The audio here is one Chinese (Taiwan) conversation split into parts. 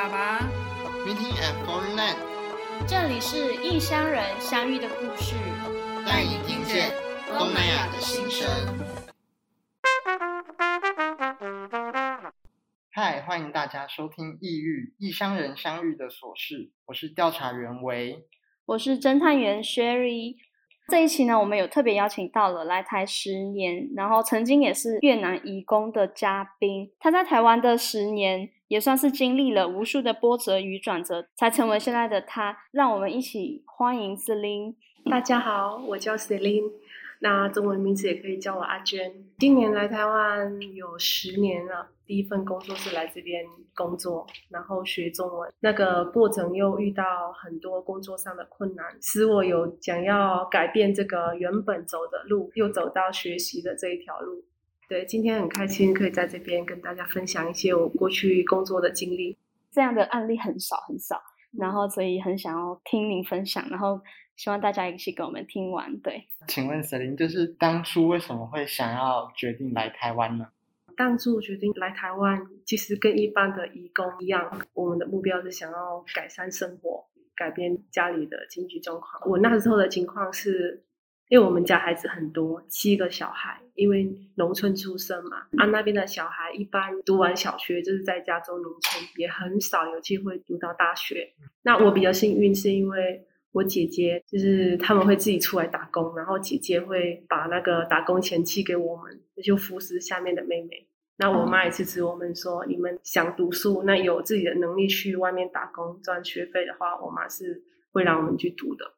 爸爸，Meeting at Foreign Land。這裡是異鄉人相遇的故事。帶你聽見東南亞的心聲。嗨歡迎大家收聽《異域異鄉人相遇的瑣事》，我是調查員維，我是偵探員 Sherry。這一期呢，我們有特別邀請到了來台十年，然後曾經也是越南移工的嘉賓。他在台灣的十年。也算是經歷了無數的波折與轉折，才成為現在的她。讓我們一起歡迎 Celine。大家好，我叫 Celine，那中文名字也可以叫我阿娟。今年來台灣有十年了，第一份工作是來這邊工作，然後學中文。那個過程又遇到很多工作上的困難，使我有想要改變這個原本走的路，又走到學習的這一條路。對，今天很開心可以在這邊跟大家分享一些我過去工作的經歷。這樣的案例很少很少，然後所以很想要聽您分享，然後希望大家一起跟我們聽完。對，請問 Celine，就是當初為什麼會想要決定來台灣呢？當初決定來台灣，其實跟一般的移工一樣，我們的目標是想要改善生活，改變家裡的經濟狀況。我那時候的情況是。因為我們家孩子很多，七個小孩，因為農村出生嘛，啊那邊的小孩一般讀完小學就是在家中農村，也很少有機會讀到大學。那我比較幸運，是因為我姐姐就是他們會自己出來打工，然後姐姐會把那個打工錢寄給我們，就扶持下面的妹妹。那我媽也支持我們說，你們想讀書，那有自己的能力去外面打工賺學費的話，我媽是會讓我們去讀的。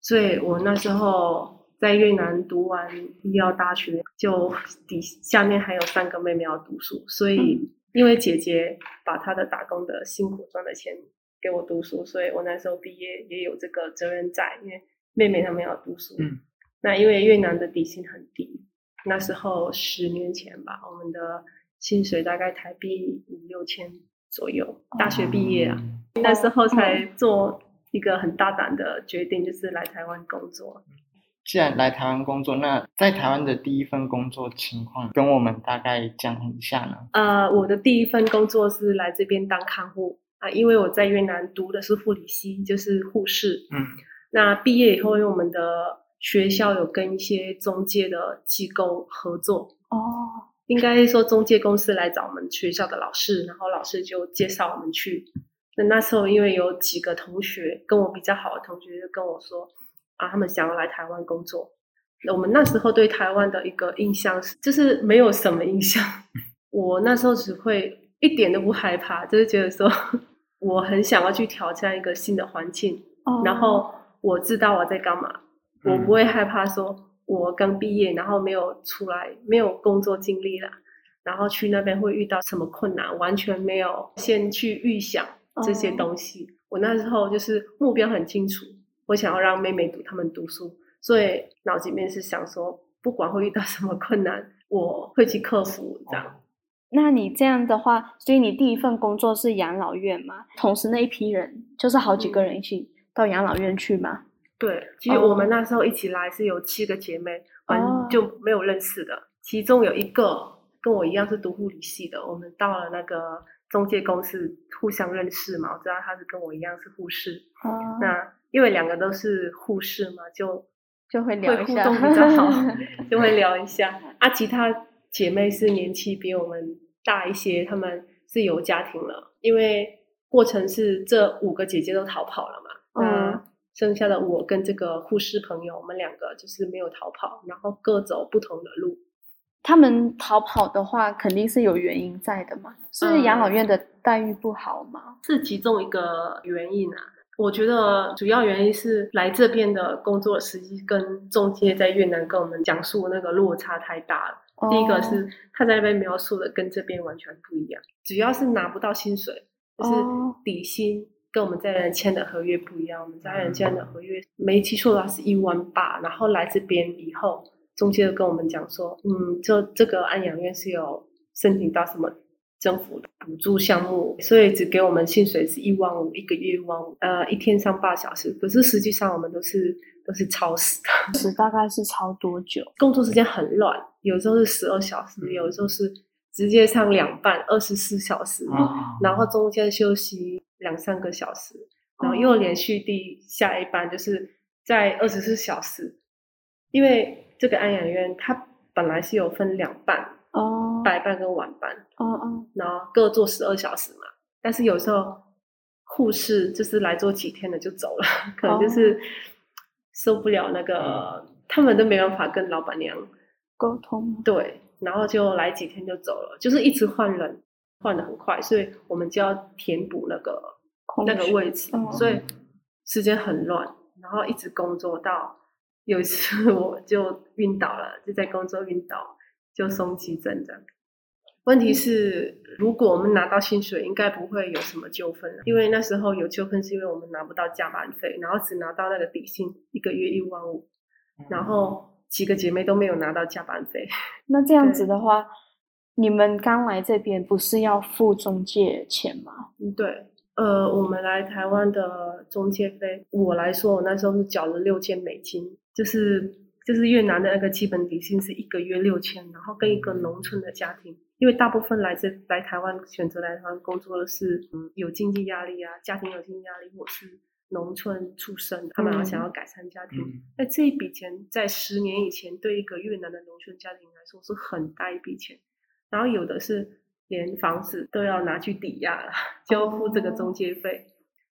所以我那時候。在越南讀完醫藥大學，就底下面還有三個妹妹要讀書，所以因為姐姐把她的打工的辛苦賺的錢給我讀書，所以我那時候畢業也有這個責任在，因為妹妹她們要讀書。嗯，那因為越南的底薪很低，那時候十年前吧，我們的薪水大概台幣五六千左右。大學畢業啊，啊、嗯，那時候才做一個很大膽的決定，就是來台灣工作。既然來台灣工作，那在台灣的第一份工作情況跟我們大概講一下呢？呃，我的第一份工作是來這邊當看護啊，因為我在越南讀的是護理系，就是護士。嗯，那畢業以後，因為我們的學校有跟一些中介的機構合作哦，應該說中介公司來找我們學校的老師，然後老師就介紹我們去。那那時候，因為有幾個同學跟我比較好的同學就跟我說。啊，他們想要來台灣工作。我們那時候對台灣的一個印象是，就是沒有什麼印象。我那時候只會一點都不害怕，就是覺得說我很想要去挑戰一個新的環境。哦。Oh. 然後我知道我在幹嘛，我不會害怕說我剛畢業，嗯。然後沒有出來，沒有工作經歷了，然後去那邊會遇到什麼困難，完全沒有先去預想這些東西。Oh. 我那時候就是目標很清楚。我想要讓妹妹讀，她們讀書，所以腦子裡面是想說，不管會遇到什麼困難，我會去克服這樣。那你這樣的話，所以你第一份工作是養老院嗎？同時那一批人就是好幾個人一起、嗯、到養老院去嗎？對，其實我們那時候一起來是有七個姐妹，oh. 完就沒有認識的。其中有一個跟我一樣是讀護理系的，我們到了那個。中介公司互相認識嘛，我知道她是跟我一樣是護士。哦、Oh.，那因為兩個都是護士嘛，就會就會聊一下，比較好，就會聊一下。啊，其他姐妹是年紀比我們大一些，她們是有家庭了。因為過程是這五個姐姐都逃跑了嘛，Oh. 那剩下的我跟這個護士朋友，我們兩個就是沒有逃跑，然後各走不同的路。他們逃跑的話，肯定是有原因在的嘛。是養老院的待遇不好嗎？嗯，是其中一個原因啊。我覺得主要原因是來這邊的工作實際跟中介在越南跟我們講述那個落差太大了。哦、第一個是他在那邊描述的跟這邊完全不一樣，主要是拿不到薪水，就是底薪跟我們在那簽的合約不一樣。我們在越南簽的合約沒記錯的話是一萬八，然後來這邊以後。中介跟我們講說，嗯，這這個安養院是有申請到什麼政府的補助項目，所以只給我們薪水是一萬五一個月一萬五，呃，一天上八小時。可是實際上我們都是都是超時。是大概是超多久？工作時間很亂，有時候是十二小時，有時候是直接上兩班二十四小時，嗯，然後中間休息兩三個小時，然後又連續地下一班，就是在二十四小時，因為。這個安養院它本來是有分兩班，哦、oh.，白班跟晚班哦哦，oh. Oh, oh. 然後各做十二小時嘛。但是有時候護士就是來做幾天的就走了，可能就是受不了那個，他、oh. 們都沒辦法跟老闆娘溝通。對，然後就來幾天就走了，就是一直換人，換得很快，所以我們就要填補那個空那個位置，oh. 所以時間很亂，然後一直工作到。有一次我就暈倒了，就在工作暈倒，就送急診這樣。問題是，如果我們拿到薪水，應該不會有什麼糾紛啊，因為那時候有糾紛是因為我們拿不到加班費，然後只拿到那個底薪，一個月一萬五，然後幾個姐妹都沒有拿到加班費。那這樣子的話，你們剛來這邊不是要付中介錢嗎？嗯，對，呃，我們來台灣的中介費，我來說，我那時候是繳了六千美金。就是就是越南的那個基本底薪是一個月六千，然後跟一個農村的家庭，嗯、因為大部分來自來台灣選擇來台灣工作的是，嗯，有經濟壓力啊，家庭有經濟壓力，或是農村出身他們還想要改善家庭。那、嗯、這一筆錢在十年以前，對一個越南的農村家庭來說是很大一筆錢，然後有的是連房子都要拿去抵押了，交付這個中介費。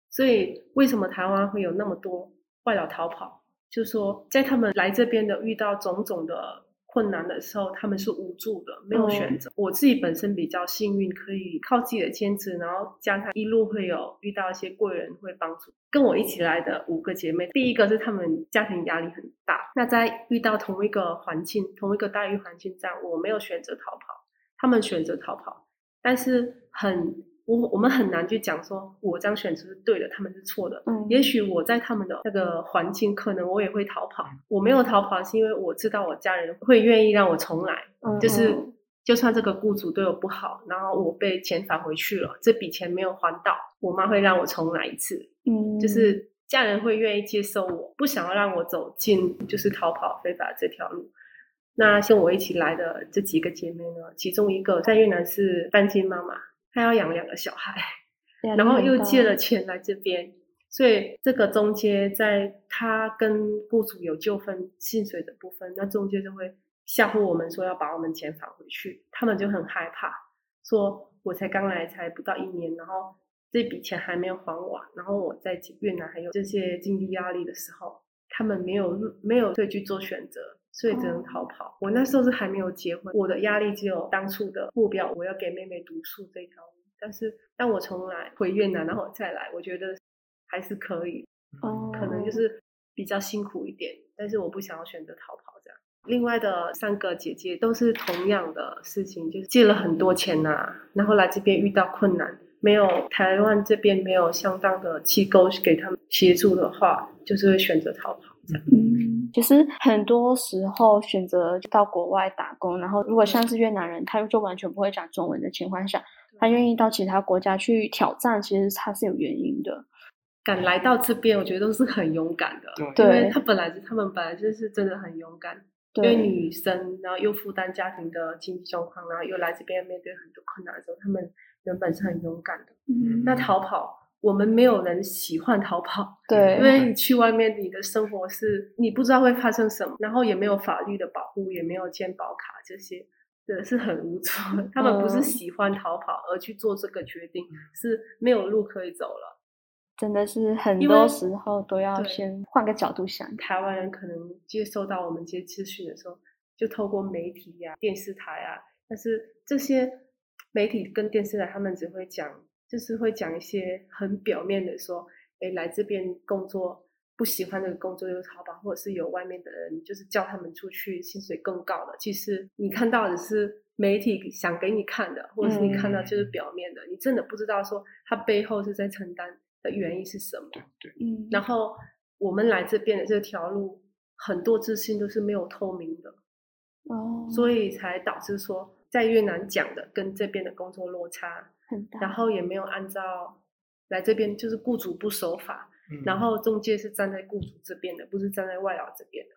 所以為什麼台灣會有那麼多外勞逃跑？就是說在他們來這邊的遇到種種的困難的時候，他們是無助的，沒有選擇。哦、我自己本身比較幸運，可以靠自己的堅持，然後將來一路會有遇到一些貴人會幫助。跟我一起來的五個姐妹，第一個是她們家庭壓力很大，那在遇到同一個環境、同一個待遇環境上，我沒有選擇逃跑，她們選擇逃跑，但是很。我我們很難去講說，我這樣選擇是對的，他們是錯的。嗯，也許我在他們的那個環境，嗯，可能我也會逃跑。我沒有逃跑是因為我知道我家人會願意讓我重來，嗯，就是就算這個僱主對我不好，然後我被遣返回去了，這筆錢沒有還到，我媽會讓我重來一次。嗯，就是家人會願意接受我，不想要讓我走進就是逃跑非法這條路。那像我一起來的這幾個姐妹呢，其中一個在越南是單親媽媽。他要養兩個小孩，然後又借了錢來這邊，所以這個中介在他跟僱主有糾紛、薪水的部分，那中介就會嚇唬我們說要把我們錢返回去，他們就很害怕，說我才剛來才不到一年，然後這筆錢還沒有還完，然後我在越南還有這些經濟壓力的時候，他們沒有入沒有退去做選擇。所以只能逃跑。我那時候是還沒有結婚，我的壓力只有當初的目標，我要給妹妹讀書這條路。但是，當我從來回越南，然後再來，我覺得還是可以。哦，可能就是比較辛苦一點，但是我不想要選擇逃跑這樣。另外的三個姐姐都是同樣的事情，就是借了很多錢吶、啊，然後來這邊遇到困難，沒有台灣這邊沒有相當的機構給他們協助的話，就是會選擇逃跑。嗯，其實很多時候選擇到國外打工，然後如果像是越南人，他又就完全不會講中文的情況下，他願意到其他國家去挑戰，其實他是有原因的。敢來到這邊，我覺得都是很勇敢的。對，因為他本來他們本來就是真的很勇敢。對，因為女生，然後又負擔家庭的經濟狀況，然後又來這邊面對很多困難的時候，他們原本是很勇敢的。嗯，那逃跑。我們沒有人喜歡逃跑，對，因為你去外面，你的生活是你不知道會發生什麼，然後也沒有法律的保護，也沒有健保卡這些，對，是很無助、嗯。他們不是喜歡逃跑而去做這個決定、嗯，是沒有路可以走了。真的是很多時候都要先換個角度想。台灣人可能接收到我們這些資訊的時候，就透過媒體呀、啊、電視台啊，但是這些媒體跟電視台他們只會講。就是會講一些很表面的，說，誒、哎、來這邊工作不喜歡的工作，又逃跑，或者是有外面的人就是叫他們出去，薪水更高的。其實你看到的是媒體想給你看的，或者是你看到就是表面的，嗯、你真的不知道說他背後是在承擔的原因是什麼。嗯對嗯。然後我們來這邊的這條路，很多資訊都是沒有透明的。哦。所以才導致說。在越南講的跟這邊的工作落差很大，然後也沒有按照來這邊，就是雇主不守法，嗯、然後中介是站在雇主這邊的，不是站在外勞這邊的，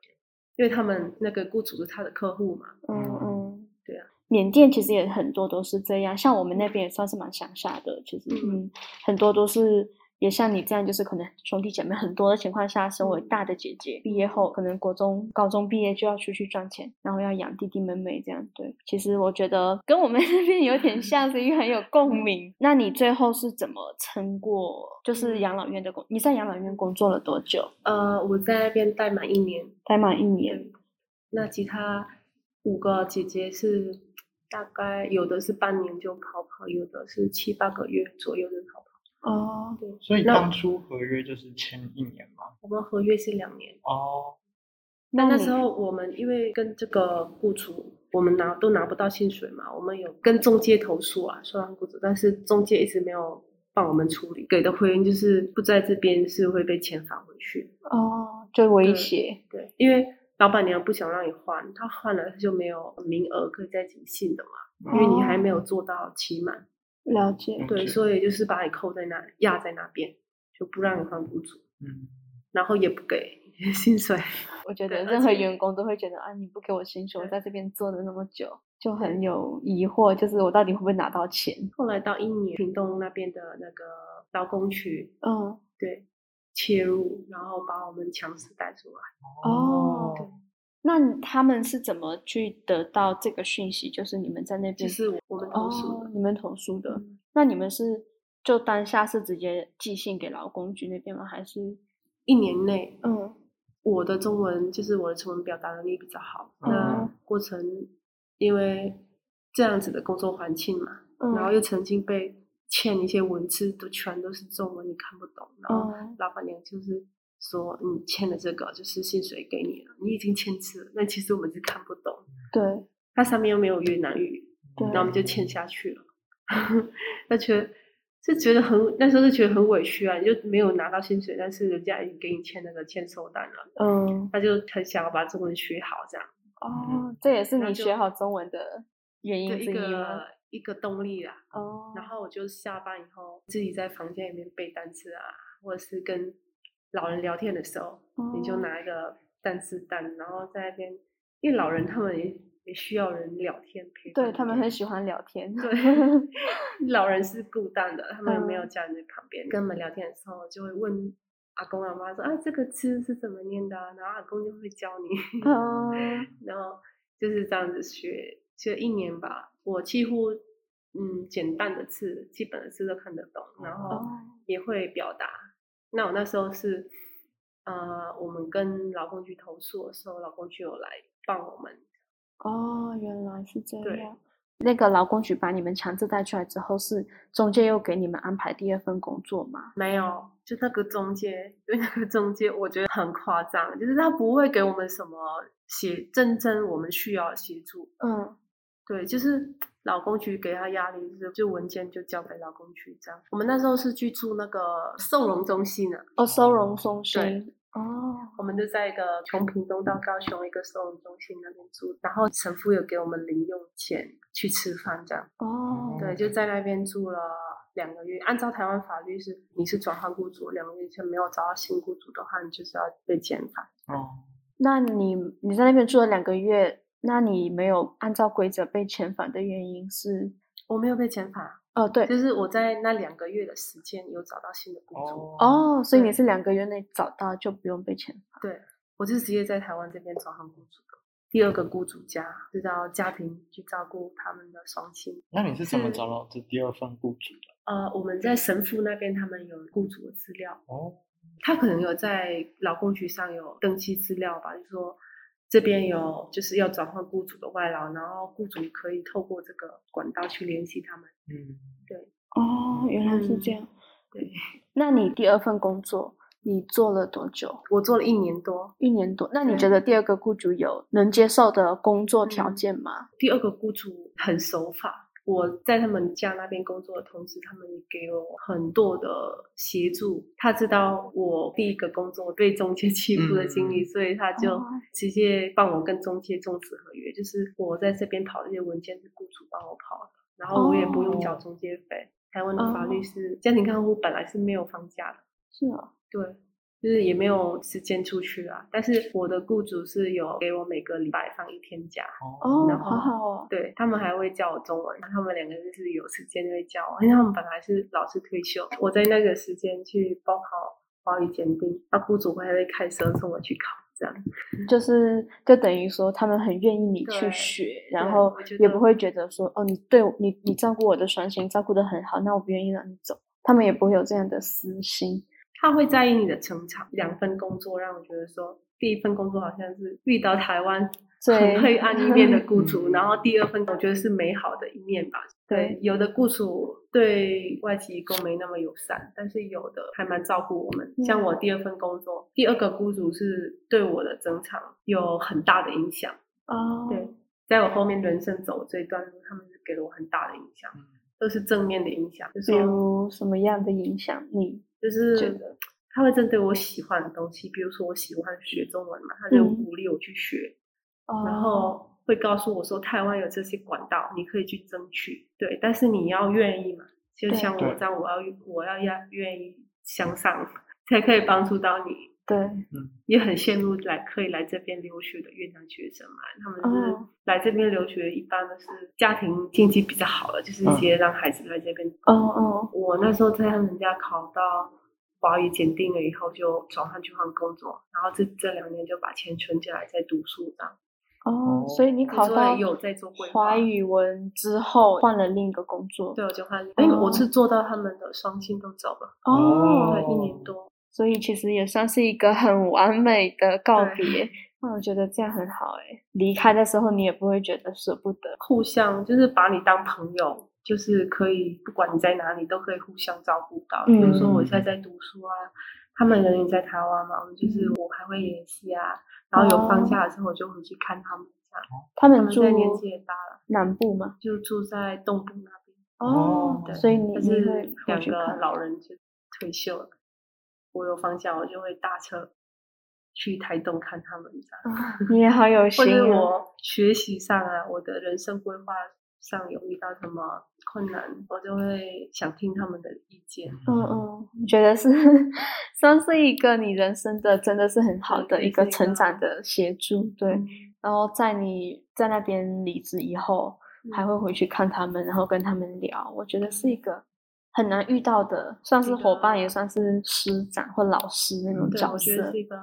因為他們那個雇主是他的客戶嘛。嗯嗯，對啊，緬甸其實也很多都是這樣，像我們那邊也算是蠻鄉下的，其實嗯，很多都是。也像你這樣，就是可能兄弟姐妹很多的情況下，身為大的姐姐，嗯，畢業後可能國中、高中畢業就要出去，去賺錢，然後要養弟弟妹妹這樣。對，其實我覺得跟我們這邊有點像，是因為很有共鳴，嗯。那你最後是怎麼撐過？就是養老院的工，你在養老院工作了多久？呃，我在那邊待滿一年，待滿一年。那其他五個姐姐是大概有的是半年就逃跑、跑，有的是七八個月左右就逃跑、跑。哦。對，所以當初合約就是簽一年嘛？我們合約是兩年。哦，那那時候我們因為跟這個雇主，我們拿都拿不到薪水嘛，我們有跟中介投訴啊，說換雇主，但是中介一直沒有幫我們處理，給的回應就是不在這邊是會被遣返回去。哦，最威脅對？對，因為老闆娘不想讓你換，她換了她就沒有名額可以再進新的嘛。哦，因為你還沒有做到期滿。了解。對，okay. 所以就是把你扣在那，壓在那邊，就不讓你換僱主。嗯。然後也不給薪水。我覺得任何員工都會覺得，啊，你不給我薪水，我在這邊做了那麼久，就很有疑惑，就是我到底會不會拿到錢？後來到印尼屏東那邊的那個勞工區，嗯、oh.，對，切入，然後把我們強勢帶出來。哦、oh.。那他們是怎麼去得到這個訊息？就是你們在那邊，只是我們投書，oh, 你們投書的、嗯。那你們是就當下是直接寄信給勞工局那邊嗎？還是一年內？嗯，我的中文就是我的中文表達能力比較好、嗯。那過程因為這樣子的工作環境嘛、嗯，然後又曾經被簽一些文字都全都是中文，你看不懂。然後老闆娘就是。說你簽了這個，就是薪水給你了，你已經簽字了。那其實我們是看不懂，對，它上面又沒有越南語，那我們就簽下去了。那 覺得就覺得很那時候就覺得很委屈啊，你就沒有拿到薪水，但是人家已經給你簽那個簽收單了。嗯，他就很想要把中文學好，這樣哦。嗯，這也是你學好中文的原因之一嗎？一個一個動力啊。哦，然後我就下班以後自己在房間裡面背單詞啊，或者是跟。老人聊天的時候，你就拿一個單詞單，oh. 然後在那邊，因為老人他們也也需要人聊天，陪陪陪，對，他們很喜歡聊天。對， 老人是孤單的，他們沒有家人在旁邊。Oh. 跟我們聊天的時候，就會問阿公阿媽說：“ oh. 啊，這個字是怎麼念的、啊？”然後阿公就會教你，oh. 然後就是這樣子學，就一年吧。我幾乎嗯簡單的字，基本的字都看得懂，然後也會表達。Oh. 那我那時候是，呃，我們跟勞工局投訴的時候，勞工局有來幫我們。哦，原來是這樣。對。那個勞工局把你們強制帶出來之後，是中介又給你們安排第二份工作嗎？沒有，就那個中介，因為那個中介我覺得很誇張，就是他不會給我們什麼協，真正我們需要協助。嗯。對，就是老公去給他壓力，就就文件就交給老公去這樣。我們那時候是去住那個收容中心的哦？收容中心，對，哦，我們就在一個從屏東到高雄一個收容中心那邊住，然後神父有給我們零用錢去吃飯這樣，哦，對，就在那邊住了兩個月。按照台灣法律是，你是轉換雇主兩個月前沒有找到新雇主的話，你就是要被遣返。哦，那你你在那邊住了兩個月。那你沒有按照規則被遣返的原因是？我沒有被遣返。哦、呃，對，就是我在那兩個月的時間有找到新的雇主。哦，哦，所以你是兩個月內找到就不用被遣返？對，我是直接在台灣這邊找好雇主的，第二個雇主家，到、嗯、家庭去照顧他們的雙親。那你是怎麼找到這第二份雇主的？呃，我們在神父那邊，他們有雇主的資料。哦，他可能有在勞工局上有登記資料吧，就是說。這邊有就是要轉換雇主的外勞，然後雇主可以透過這個管道去聯繫他們。嗯，對。哦，原來是這樣。嗯，對，那你第二份工作你做了多久？我做了一年多。一年多。那你覺得第二個雇主有能接受的工作條件嗎？嗯，第二個雇主很守法。我在他們家那邊工作的同時，他們也給了我很多的協助。他知道我第一個工作我被中介欺負的經歷，嗯，所以他就直接幫我跟中介終止合約，嗯。就是我在這邊跑這些文件是雇主幫我跑的，然後我也不用繳中介費。哦。台灣的法律是、哦、家庭看護本來是沒有放假的。是啊。對。就是也沒有時間出去啊，但是我的雇主是有給我每個禮拜放一天假，oh, 好好哦，然後對他們還會教我中文，然後他們兩個就是有時間就會教我。因為他們本來是老師退休，我在那個時間去報考華語鑑定，那、啊、雇主還會開車送我去考，這樣，就是就等於說他們很願意你去學，然後也不會覺得說覺得哦，你對你你照顧我的雙親，照顧得很好，那我不願意讓你走，他們也不會有這樣的私心。他會在意你的成長。兩份工作讓我覺得說，第一份工作好像是遇到台灣很黑暗一面的雇主，嗯，然後第二份我覺得是美好的一面吧。對，對有的雇主對外籍工沒那麼友善，但是有的還蠻照顧我們。嗯、像我第二份工作，第二個雇主是對我的成長有很大的影響。哦、嗯，對，在我後面人生走這一段路，他們給了我很大的影響，都是正面的影響。有、就是，什麼樣的影響？你？就是他會針對我喜歡的東西，比如說我喜歡學中文嘛，他就鼓勵我去學，嗯、然後會告訴我說台灣有這些管道，你可以去爭取。對，但是你要願意嘛，就像我這樣，我要我要要願意向上，才可以幫助到你。對，嗯，也很羨慕來可以來這邊留學的越南學生嘛。他們是來這邊留學，一般都是家庭經濟比較好了，就是一些讓孩子來這邊。哦、嗯、哦、嗯，我那時候在他們家考到華語檢定了以後，就轉換去換工作，然後這這兩年就把錢存起來再讀書上。哦，所以你考到。華語文之後換了另一個工作？對，我就換。另一個哎，我是做到他們的雙薪都走了。哦，對，一年多。所以其實也算是一個很完美的告別，那我覺得這樣很好哎。離開的時候你也不會覺得捨不得，互相就是把你當朋友，就是可以不管你在哪裡都可以互相照顧到。嗯、比如說我現在在讀書啊，他們人也在台灣嘛、嗯，就是我還會聯繫啊，然後有放假的時候我就回去看他們一、啊、下、哦。他們現在年紀也大了，南部嗎？就住在東部那邊哦，對。所以你是兩個老人就退休了。我有方向，我就會搭車去台東看他們。哦，你也好有心。啊，我學習上啊，我的人生規劃上有遇到什麼困難，嗯、我就會想聽他們的意見。嗯嗯，我、嗯、覺得是算是一個你人生的，真的是很好的一個成長的協助。嗯、對，對，然後在你在那邊離職以後、嗯，還會回去看他們，然後跟他們聊。我覺得是一個。很難遇到的，算是夥伴，也算是師長或老師那種角色。嗯，對，我覺得是一個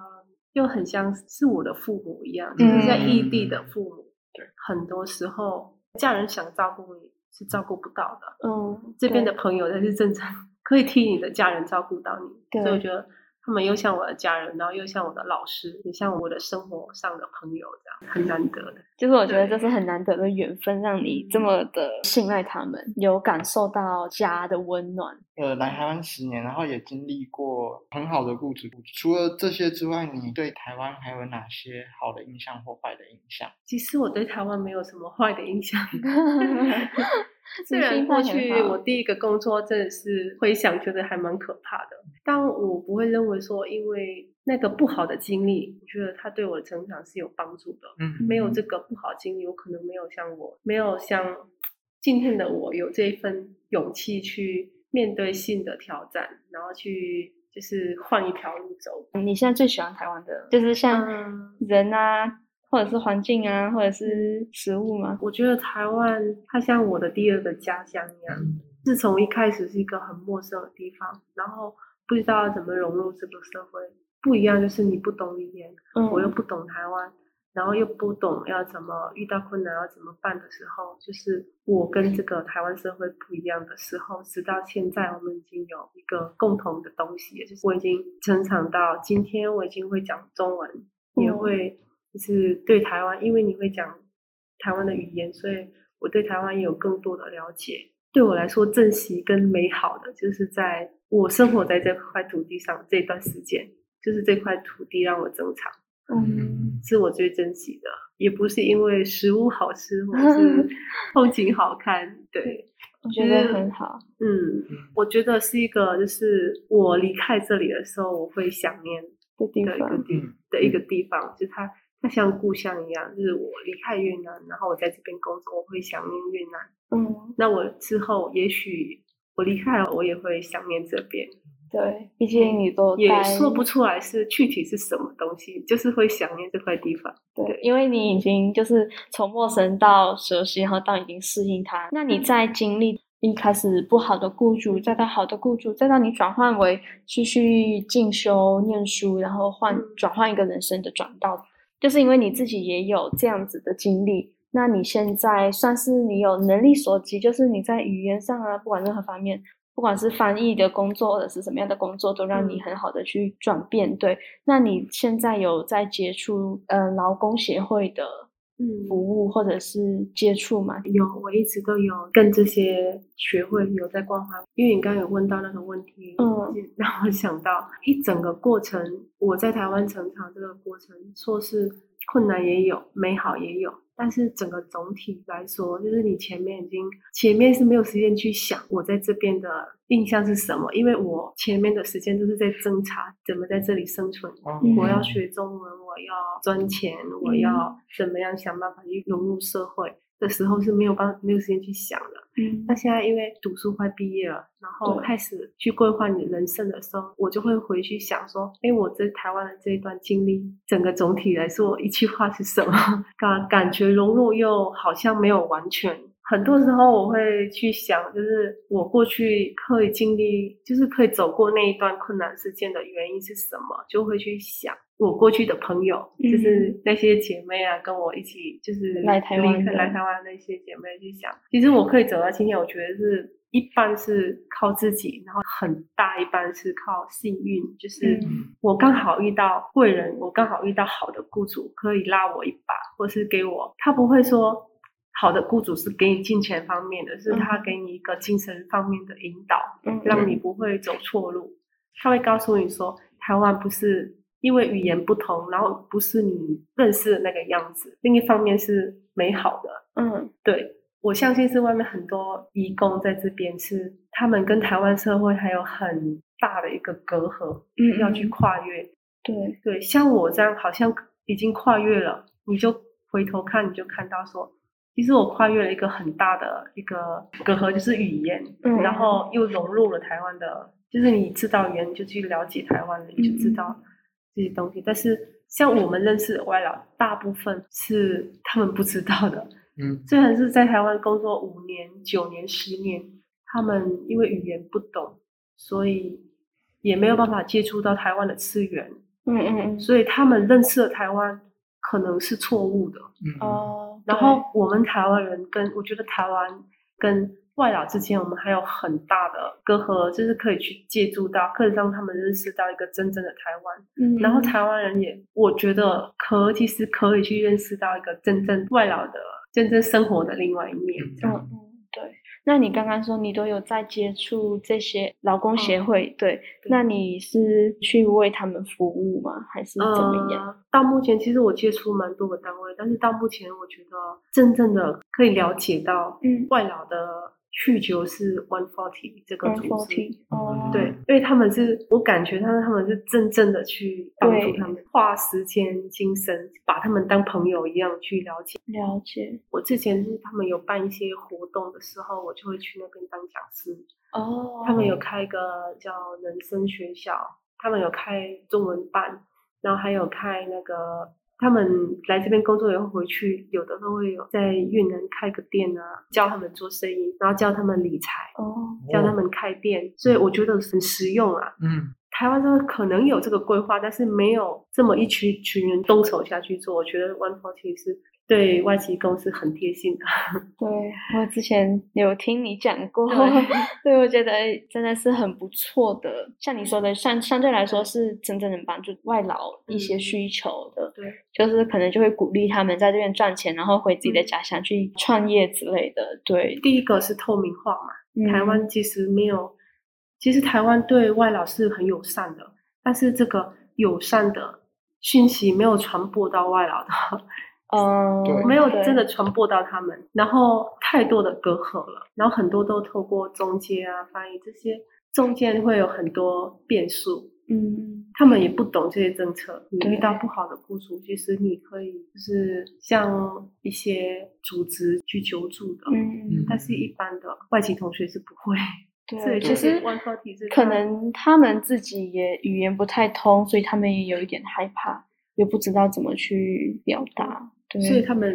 又很像是我的父母一樣，嗯，在異地的父母，對，很多時候家人想照顧你是照顧不到的，嗯，這邊的朋友才是正常，可以替你的家人照顧到你，對，所以我覺得。他們又像我的家人，然後又像我的老師，也像我的生活上的朋友，這樣很難得的、嗯。就是我覺得這是很難得的緣分，讓你這麼的信賴他們，有感受到家的溫暖。呃，來台灣十年，然後也經歷過很好的雇主。除了這些之外，你對台灣還有哪些好的印象或壞的印象？其實我對台灣沒有什麼壞的印象。 雖然過去、嗯、我第一個工作真的是回想，覺得還蠻可怕的，但我不會認為說，因為那個不好的經歷，我覺得它對我的成長是有幫助的。嗯，沒有這個不好的經歷，我可能沒有像我，沒有像今天的我，有這一份勇氣去面對新的挑戰，然後去就是換一條路走、嗯。你現在最喜歡台灣的，就是像人啊，嗯或者是環境啊，或者是食物啊。我覺得台灣，它像我的第二個家鄉一樣。自從一開始是一個很陌生的地方，然後不知道要怎麼融入這個社會，不一樣就是你不懂語言，我又不懂台灣，然後又不懂要怎麼遇到困難要怎麼辦的時候，就是我跟這個台灣社會不一樣的時候。直到現在，我們已經有一個共同的東西，也就是我已經成長到今天，我已經會講中文，也會。就是對台灣，因為你會講台灣的語言，所以我對台灣也有更多的了解。對我來說，珍惜跟美好的，就是在我生活在這塊土地上這段時間，就是這塊土地讓我成長，嗯，是我最珍惜的。也不是因為食物好吃，或是風景好看， 對，我覺得很好，就是嗯。嗯，我覺得是一個，就是我離開這裡的時候，我會想念的一個地方，嗯，的一個地方，嗯，就是，它。那像故鄉一樣，就是我離開越南，然後我在這邊工作，我會想念越南。嗯，那我之後也許我離開了，我也會想念這邊。對，畢竟你都也說不出來是具體是什麼東西，就是會想念這塊地方對。對，因為你已經就是從陌生到熟悉，然後到已經適應它。那你在經歷一、嗯、開始不好的雇主，再到好的雇主，再到你轉換為繼續進修念書，然後換轉換一個人生的轉道。就是因為你自己也有這樣子的經歷，那你現在算是你有能力所及，就是你在語言上啊，不管任何方面，不管是翻譯的工作或者是什麼樣的工作，都讓你很好的去轉變。對，那你現在有在接觸，呃，勞工協會的？嗯，服務或者是接觸嘛，有，我一直都有跟這些學會有在關懷，因為你剛剛有問到那個問題，嗯，讓我想到一整個過程，我在台灣成長這個過程，說是困難也有，美好也有。但是整個總體來說，就是你前面已經前面是沒有時間去想我在這邊的印象是什麼，因為我前面的時間都是在掙扎，怎麼在這裡生存，嗯，我要學中文，我要賺錢，我要怎麼樣想辦法去融入社會。的時候是沒有辦法，沒有時間去想的，嗯，那現在因為讀書快畢業了，然後開始去規劃你人生的時候，我就會回去想說，哎，我在台灣的這一段經歷，整個總體來說，一句話是什麼？感感覺融入又好像沒有完全。很多時候我會去想，就是我過去可以經歷，就是可以走過那一段困難事件的原因是什麼，就會去想我過去的朋友，就是那些姐妹啊，跟我一起就是來台灣來台灣那些姐妹去想，其實我可以走到今天，我覺得是一半是靠自己，然後很大一半是靠幸運，就是我剛好遇到貴人，我剛好遇到好的雇主可以拉我一把，或是給我，他不會說。好的僱主是給你金錢方面的，是他給你一個精神方面的引導，讓你不會走錯路。他會告訴你說，台灣不是因為語言不同，然後不是你認識的那個樣子。另一方面是美好的，嗯，對。我相信是外面很多移工在這邊是他們跟台灣社會還有很大的一個隔閡，嗯，要去跨越。對對，像我這樣好像已經跨越了，你就回頭看，你就看到說。其實我跨越了一個很大的一個隔閡，就是語言、嗯，然後又融入了台灣的。就是你知道語言，就去了解台灣、嗯、你就知道這些東西。但是像我們認識的外勞，大部分是他們不知道的。嗯，雖然是在台灣工作五年、九年、十年，他們因為語言不懂，所以也沒有辦法接觸到台灣的資源。嗯嗯嗯。所以他們認識的台灣可能是錯誤的。嗯嗯哦。然後我們台灣人跟，我覺得台灣跟外勞之間，我們還有很大的隔閡，就是可以去借助到，可以讓他們認識到一個真正的台灣。嗯，然後台灣人也，我覺得可其實可以去認識到一個真正外勞的真正生活的另外一面。這樣。嗯嗯，對。那你剛剛說你都有在接觸這些勞工協會，嗯，對，對。那你是去為他們服務嗎？還是怎麼樣？呃，到目前，其實我接觸蠻多個單位，但是到目前，我覺得真正的可以了解到外勞的，嗯。去求是 one forty 這個組織，哦、oh.，對，因為他們是我感覺他們他們是真正，正的去幫助他們，花時間、精神，把他們當朋友一樣去了解了解。我之前是他們有辦一些活動的時候，我就會去那邊當講師。哦、oh.，他們有開一個叫人生學校，他們有開中文班，然後還有開那個。他們來這邊工作以後，回去，有的都會有在越南開個店啊，教他們做生意，然後教他們理財、哦，教他們開店，所以我覺得很實用啊。嗯。台灣真的可能有這個規劃，但是沒有這麼一群群人動手下去做。我覺得 One Forty 是對外籍工是很貼心的。對，我之前有聽你講過對對，我覺得真的是很不錯的。像你說的，相相對來說，是真正能幫助外勞一些需求的、嗯。對，就是可能就會鼓勵他們在這邊賺錢，然後回自己的家鄉去創業之類的。對，第一個是透明化嘛，嗯、台灣其實沒有。其實台灣對外勞是很友善的，但是這個友善的訊息沒有傳播到外勞的，嗯、哦，沒有真的傳播到他們。然後太多的隔閡了，然後很多都透過中介啊、翻譯這些，中間會有很多變數。嗯，他們也不懂這些政策，你遇到不好的雇主，其實你可以就是向一些組織去求助的，嗯，但是一般的外籍同學是不會。對，其實、就是、可能他們，嗯、他們自己也語言不太通，所以他們也有一點害怕，也不知道怎麼去表達。嗯、對，所以他們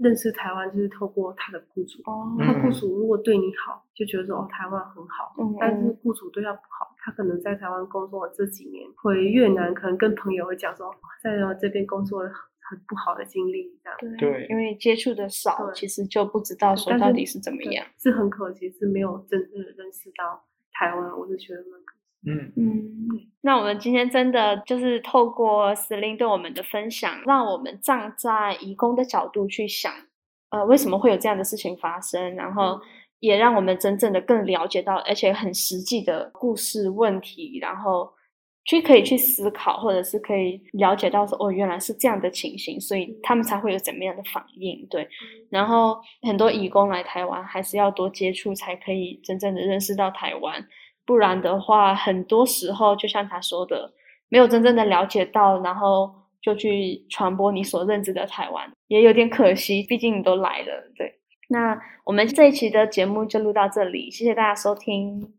認識台灣就是透過他的雇主，嗯、他雇主如果對你好，就覺得說哦，台灣很好，嗯嗯，但是雇主對他不好。他可能在台灣工作了這幾年，回越南可能跟朋友會講說，在這邊工作很不好的經歷這樣對。對，因為接觸的少，其實就不知道說到底是怎麼樣，是，是很可惜，是沒有真正的認識到台灣。我就覺得蠻可惜嗯嗯。那我們今天真的就是透過 Celine 對我們的分享，讓我們站在移工的角度去想，呃，為什麼會有這樣的事情發生，然後。嗯也讓我們真正的更了解到，而且很實際的故事問題，然後去可以去思考，或者是可以了解到說哦，原來是這樣的情形，所以他們才會有怎麼樣的反應。對，然後很多移工來台灣還是要多接觸，才可以真正的認識到台灣，不然的話，很多時候就像他說的，沒有真正的了解到，然後就去傳播你所認知的台灣，也有點可惜。畢竟你都來了，對。那我們這一期的節目就錄到這裡，謝謝大家收聽。